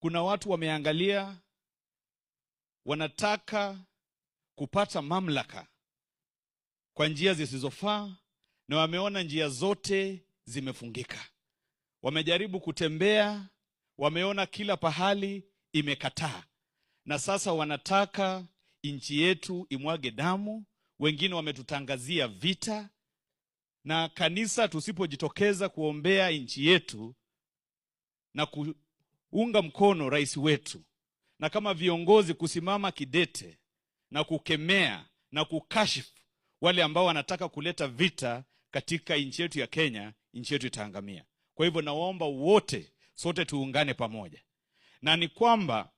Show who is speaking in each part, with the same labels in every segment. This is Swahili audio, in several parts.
Speaker 1: Kuna watu wameangalia, wanataka kupata mamlaka kwa njia zisizofaa, na wameona njia zote zimefungika. Wamejaribu kutembea, wameona kila pahali imekataa, na sasa wanataka nchi yetu imwage damu. Wengine wametutangazia vita, na kanisa tusipojitokeza kuombea nchi yetu na ku unga mkono rais wetu na kama viongozi kusimama kidete na kukemea na kukashifu wale ambao wanataka kuleta vita katika nchi yetu ya Kenya, nchi yetu itaangamia. Kwa hivyo nawaomba wote, sote tuungane pamoja, na ni kwamba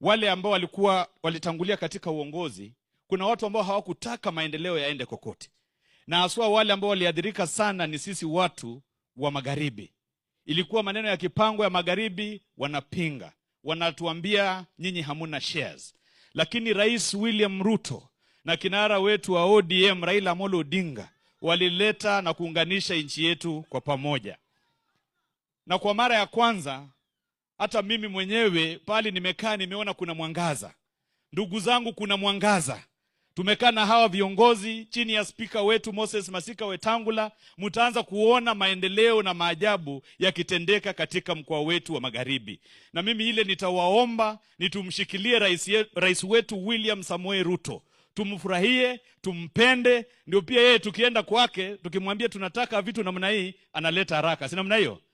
Speaker 1: wale ambao walikuwa walitangulia katika uongozi, kuna watu ambao hawakutaka maendeleo yaende kokote, na haswa wale ambao waliadhirika sana ni sisi watu wa magharibi ilikuwa maneno ya kipango ya magharibi, wanapinga, wanatuambia nyinyi hamuna shares. Lakini Rais William Ruto na kinara wetu wa ODM Raila Amolo Odinga walileta na kuunganisha nchi yetu kwa pamoja, na kwa mara ya kwanza hata mimi mwenyewe pali nimekaa nimeona kuna mwangaza, ndugu zangu, kuna mwangaza. Tumekaa na hawa viongozi chini ya spika wetu Moses Masika Wetangula, mtaanza kuona maendeleo na maajabu yakitendeka katika mkoa wetu wa Magharibi. Na mimi ile nitawaomba nitumshikilie rais, rais wetu William Samoei Ruto, tumfurahie, tumpende, ndio pia yeye tukienda kwake tukimwambia tunataka vitu namna hii, analeta haraka, si namna hiyo?